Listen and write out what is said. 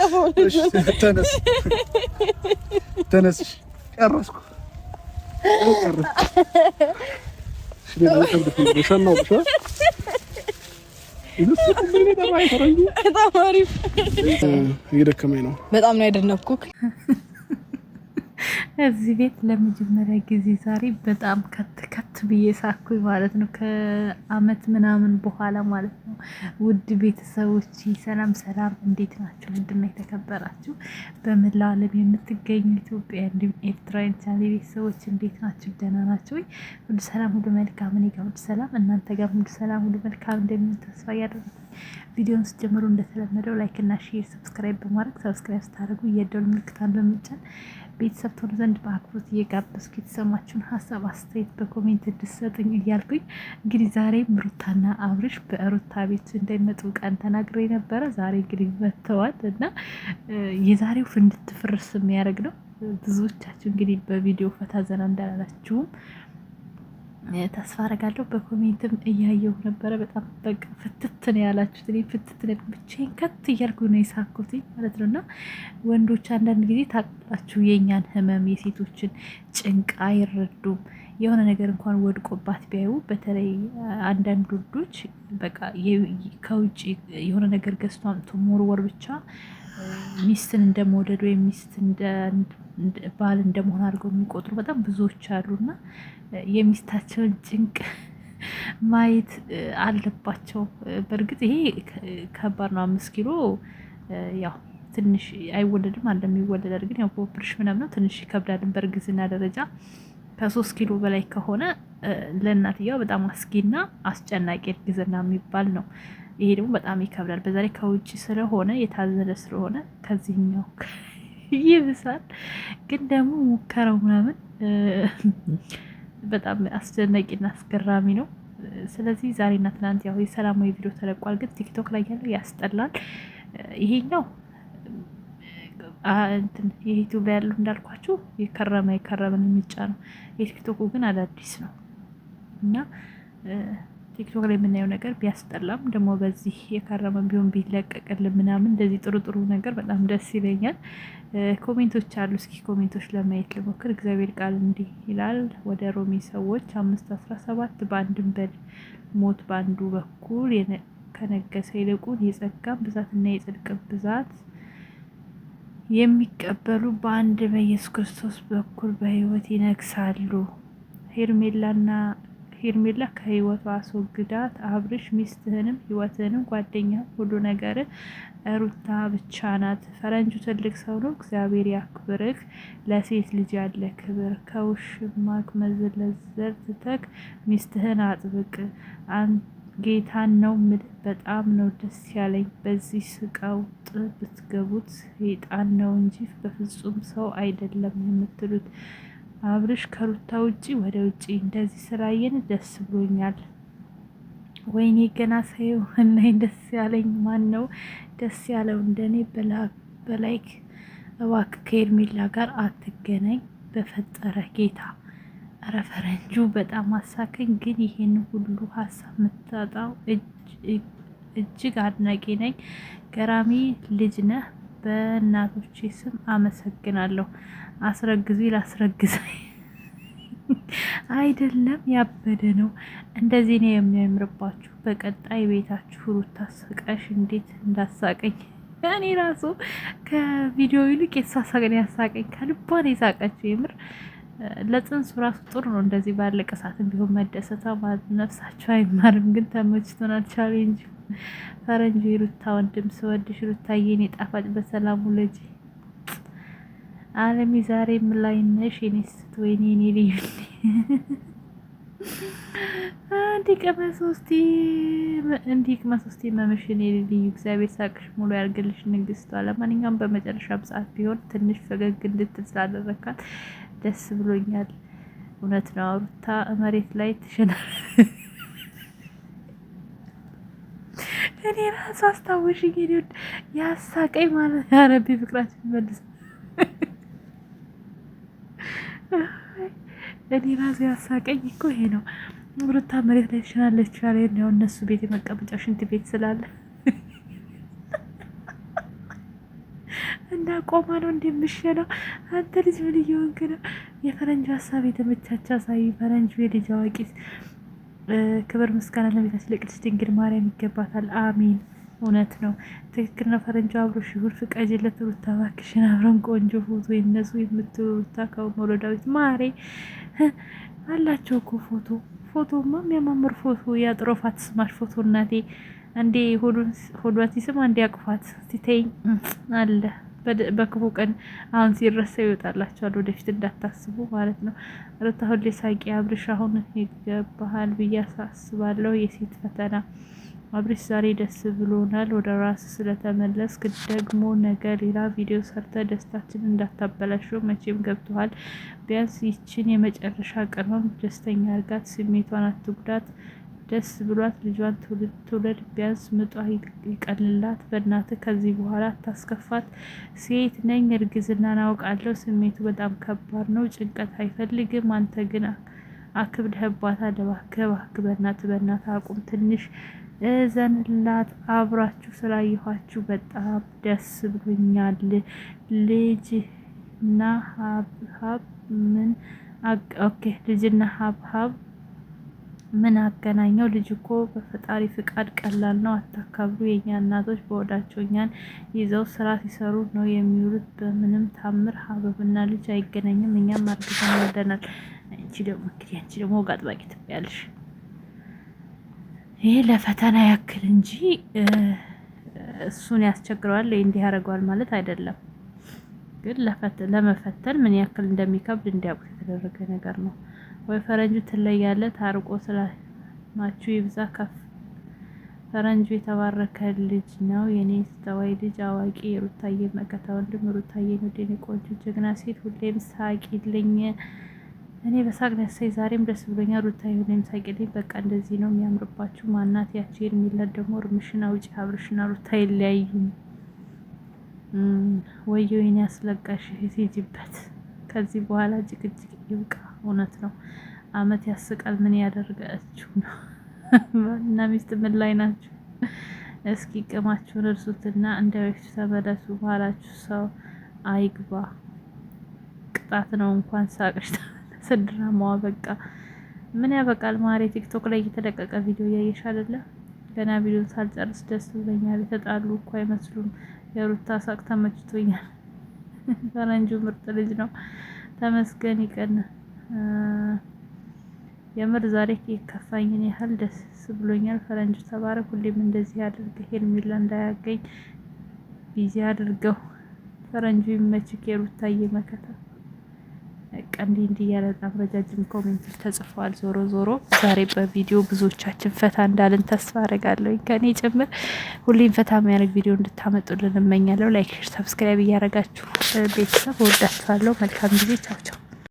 ያቀፈው ተነስ ተነስ። እየደከመኝ ነው። በጣም ነው ያደነኩክ። እዚህ ቤት ለመጀመሪያ ጊዜ ዛሬ በጣም ከት ከት ብዬ ሳኩኝ ማለት ነው ከአመት ምናምን በኋላ ማለት ነው። ውድ ቤተሰቦች ሰላም ሰላም፣ እንዴት ናቸው? ውድና የተከበራችሁ በመላው ዓለም የምትገኙ ኢትዮጵያ እንዲሁም ኤርትራ ቻሌ ቤተሰቦች እንዴት ናቸው? ደህና ናቸው ወይ? ሁሉ ሰላም፣ ሁሉ መልካም፣ እኔ ጋር ሁሉ ሰላም፣ እናንተ ጋር ሁሉ ሰላም፣ ሁሉ መልካም እንደሚሆን ተስፋ እያደረጉ ቪዲዮውን ስትጀምሩ እንደተለመደው ላይክ እና ሼር፣ ሰብስክራይብ በማድረግ ሰብስክራይብ ስታደርጉ የደወል ምልክቷን በመጫን ቤተሰብ ትሆኑ ዘንድ በአክብሮት እየጋበዝኩ የተሰማችሁን ሀሳብ አስተያየት በኮሜንት እንድሰጥኝ እያልኩኝ እንግዲህ ዛሬም ሩታና አብርሽ በሩታ ቤት እንደሚመጡ ቀን ተናግሬ ነበረ። ዛሬ እንግዲህ መጥተዋል እና የዛሬው ፍንድትፍርስ የሚያደርግ ነው። ብዙዎቻችሁ እንግዲህ በቪዲዮ ፈታ ዘና እንዳላላችሁም ተስፋ አረጋለሁ። በኮሜንትም እያየው ነበረ። በጣም በቃ ፍትትን ያላችሁት። እኔ ፍትት ብቻዬን ከት እያልኩ ነው የሳኩት ማለት ነው። እና ወንዶች አንዳንድ ጊዜ ታውቃላችሁ፣ የእኛን ህመም የሴቶችን ጭንቅ አይረዱም። የሆነ ነገር እንኳን ወድቆባት ቢያዩ በተለይ አንዳንድ ወንዶች በቃ ከውጭ የሆነ ነገር ገዝቶ አምጥቶ መወርወር ብቻ ሚስትን እንደመውደድ ወይም ሚስት ባል እንደመሆን አድርገው የሚቆጥሩ በጣም ብዙዎች አሉ አሉና የሚስታቸውን ጭንቅ ማየት አለባቸው። በእርግጥ ይሄ ከባድ ነው። አምስት ኪሎ ያው ትንሽ አይወለድም አለ የሚወለድ ግን ያው በኦፕሬሽን ምናምን ነው ትንሽ ይከብዳልን በእርግዝና ደረጃ ከሶስት ኪሎ በላይ ከሆነ ለእናትየዋ በጣም አስጊና አስጨናቂ እርግዝና የሚባል ነው። ይሄ ደግሞ በጣም ይከብዳል። በዛ ላይ ከውጭ ስለሆነ የታዘለ ስለሆነ ከዚህኛው ይብሳል። ግን ደግሞ ሙከራው ምናምን በጣም አስደናቂና አስገራሚ ነው። ስለዚህ ዛሬና ትናንት ያው የሰላማዊ ቪዲዮ ተለቋል። ግን ቲክቶክ ላይ ያለው ያስጠላል ይሄኛው ላይ ያሉ እንዳልኳችሁ የከረመ የከረመን የሚጫ ነው። የቲክቶኩ ግን አዳዲስ ነው እና ቲክቶክ ላይ የምናየው ነገር ቢያስጠላም ደግሞ በዚህ የከረመ ቢሆን ቢለቀቅልን ምናምን እንደዚህ ጥሩ ጥሩ ነገር በጣም ደስ ይለኛል። ኮሜንቶች አሉ። እስኪ ኮሜንቶች ለማየት ልሞክር። እግዚአብሔር ቃል እንዲህ ይላል፣ ወደ ሮሜ ሰዎች አምስት አስራ ሰባት በአንድም በል ሞት በአንዱ በኩል ከነገሰ ይልቁን የጸጋም ብዛትና የጽድቅም ብዛት የሚቀበሉ በአንድ በኢየሱስ ክርስቶስ በኩል በህይወት ይነግሳሉ። ሄርሜላና ሄርሜላ ከህይወቱ አስወግዳት። አብርሽ ሚስትህንም ህይወትህንም ጓደኛ ሁሉ ነገር ሩታ ብቻ ናት። ፈረንጁ ትልቅ ሰው ነው። እግዚአብሔር ያክብርህ። ለሴት ልጅ ያለ ክብር ከውሽማክ መዘለዘር ትተክ ሚስትህን አጥብቅ። ጌታን ነው ምድ በጣም ነው ደስ ያለኝ። በዚህ ስቃውጥ ብትገቡት ሰይጣን ነው እንጂ በፍጹም ሰው አይደለም የምትሉት። አብርሽ ከሩታ ውጪ ወደ ውጪ እንደዚህ ስላየን ደስ ብሎኛል። ወይኔ ገና ሳየው እናይ ደስ ያለኝ ማን ነው ደስ ያለው እንደኔ? በላይክ እባክህ ከኤርሜላ ጋር አትገናኝ በፈጠረ ጌታ ኧረ ፈረንጁ በጣም አሳከኝ። ግን ይሄን ሁሉ ሀሳብ የምታጣው እጅግ አድናቂ ነኝ። ገራሚ ልጅ ነህ። በእናቶቼ ስም አመሰግናለሁ። አስረግዚ ላስረግዘ አይደለም ያበደ ነው። እንደዚህ ነው የሚያምርባችሁ። በቀጣይ ቤታችሁ ሩታ ስቃሽ እንዴት እንዳሳቀኝ እኔ ራሱ ከቪዲዮ ይልቅ የተሳሳቀን ያሳቀኝ ከልቧን የሳቀችው የምር ለጽንሱ ራሱ ጥሩ ነው። እንደዚህ ባለቀ ሰዓትም ቢሆን መደሰታ ማለት ነፍሳቸው አይማርም። ግን ተመችቶናል። ቻሌንጅ ፈረንጅ ሩታ ወንድም ስወድሽ ሩታ የኔ ጣፋጭ በሰላሙ ልጅ አለሚ ዛሬ ምን ላይ ነሽ? የኔ ስት ወይኔ የኔ ልዩ እንዲቀመ ሶስቲ እንዲቅመ ሶስቲ መምሽን ልዩ እግዚአብሔር ሳቅሽ ሙሉ ያርግልሽ ንግስቷ። ለማንኛውም በመጨረሻም ሰዓት ቢሆን ትንሽ ፈገግ እንድትል ስላደረካት ደስ ብሎኛል። እውነት ነው። ሩታ መሬት ላይ ትሸናል። እኔ ራሱ አስታወሽኝ። ኔድ ያሳቀኝ ማለት ያረቢ ፍቅራችን መልስ እኔ ራሱ ያሳቀኝ እኮ ይሄ ነው። ሩታ መሬት ላይ ትሸናለች ያለ ያው እነሱ ቤት የመቀመጫ ሽንት ቤት ስላለ እና ቆማ ነው እንደምሸነው። አንተ ልጅ ምን እየሆንክ ነው? የፈረንጁ ሀሳብ የተመቻቸ አሳቢ። ፈረንጁ የልጅ አዋቂ። ክብር ምስጋና ለቤታችን ለቅድስት ድንግል ማርያም ይገባታል። አሚን። እውነት ነው፣ ትክክል ነው። ፈረንጁ አብሮ ሽሁር ፍቃጅ ለትሩታ እባክሽን አብረን ቆንጆ ፎቶ ይነሱ የምትሉ ሩታ ከሞሎ ማሬ አላቸው እኮ ፎቶ ፎቶማ የሚያማምር ፎቶ ያጥሮፋት ስማሽ ፎቶ እናቴ አንዴ ሆዷን ሲስም አንዴ አቅፋት ሲተኝ አለ በክፉ ቀን አሁን ሲረሳ ይወጣላቸዋል። ወደፊት እንዳታስቡ ማለት ነው። ሩታ ሁሌ ሳቂ። አብርሽ አሁን ይገባሃል ብዬ አሳስባለሁ። የሴት ፈተና አብርሽ ዛሬ ደስ ብሎናል። ወደ ራስ ስለተመለስክ ደግሞ ነገ ሌላ ቪዲዮ ሰርተ ደስታችን እንዳታበላሸው። መቼም ገብተዋል። ቢያንስ ይችን የመጨረሻ ቀኗን ደስተኛ እርጋት፣ ስሜቷን አትጉዳት። ደስ ብሏት ልጇን ትውለድ፣ ቢያንስ ምጧ ይቀልላት። በእናትህ ከዚህ በኋላ አታስከፋት። ሴት ነኝ፣ እርግዝናን አውቃለሁ። ስሜቱ በጣም ከባድ ነው፣ ጭንቀት አይፈልግም። አንተ ግን አክብደህባታ። ደባከብ አክበናት። በእናትህ አቁም። ትንሽ እዘንላት። አብራችሁ ስላየኋችሁ በጣም ደስ ብሎኛል። ልጅና ሀብሀብ ምን ኦኬ፣ ልጅና ሀብሀብ ምን አገናኘው? ልጅ እኮ በፈጣሪ ፍቃድ ቀላል ነው። አታካብሩ። የእኛ እናቶች በወዳቸው እኛን ይዘው ስራ ሲሰሩ ነው የሚውሉት። በምንም ታምር ሀበብና ልጅ አይገናኝም። እኛም አርግዘን ወልደናል። አንቺ ደግሞ እንግዲህ አንቺ ደግሞ ወግ አጥባቂ ትባያለሽ። ይህ ለፈተና ያክል እንጂ እሱን ያስቸግረዋል እንዲህ ያደርገዋል ማለት አይደለም። ግን ለመፈተን ምን ያክል እንደሚከብድ እንዲያውቁት የተደረገ ነገር ነው። ወይ ፈረንጁ ትለያለ ታርቆ ስላማችሁ ይብዛ ከፍ ፈረንጁ የተባረከ ልጅ ነው። የኔ ስተዋይ ልጅ አዋቂ የሩታዬ መከታ ወንድም ሩታዬን ወደኔ ቆንጆ ጀግና ሴት ሁሌም ሳቂልኝ። እኔ በሳቅ ደሳይ ዛሬም ደስ ብሎኛ። ሩታዬ ሁሌም ሳቂልኝ። በቃ እንደዚህ ነው የሚያምርባችሁ። ማናት ያቺ የሚለት ደግሞ እርምሽን አውጪ። አብርሽና ሩታ ይለያዩ። ወየው የኔ አስለቃሽ ሂጂበት። ከዚህ በኋላ ጭቅጭቅ ይብቃ። እውነት ነው። አመት ያስቃል። ምን ያደርጋችሁ ነው? እና ሚስት ምን ላይ ናችሁ? እስኪ ቅማችሁን እርሱትና እንደ በፊቱ ተመለሱ። በኋላችሁ ሰው አይግባ። ቅጣት ነው። እንኳን ሳቅሽ ተመለሰ። ድራማዋ በቃ ምን ያበቃል? ማሬ ቲክቶክ ላይ እየተለቀቀ ቪዲዮ እያየሽ አይደለ? ገና ቪዲዮ ሳልጨርስ ደስ ብለኛል። የተጣሉ እኮ አይመስሉም። የሩታ ሳቅ ተመችቶኛል። ፈረንጁ ምርጥ ልጅ ነው። ተመስገን ይቀን። የምር ዛሬ የከፋኝን ያህል ደስ ብሎኛል። ፈረንጁ ተባረክ። ሁሌም እንደዚህ ሄል ሄርሜላ እንዳያገኝ ቢዚ አድርገው። ፈረንጁ ይመችህ። ሩታዬ መከታ ቀንዲ እንዲህ ያለና ረጃጅም ኮሜንቶች ተጽፏል። ዞሮ ዞሮ ዛሬ በቪዲዮ ብዙዎቻችን ፈታ እንዳልን ተስፋ አደርጋለሁ። ከኔ ጭምር ሁሌም ፈታ የሚያደርግ ቪዲዮ እንድታመጡልን እመኛለሁ። ላይክ፣ ሰብስክራይብ እያደረጋችሁ ቤተሰብ ወዳችኋለሁ። መልካም ጊዜ። ቻውቻው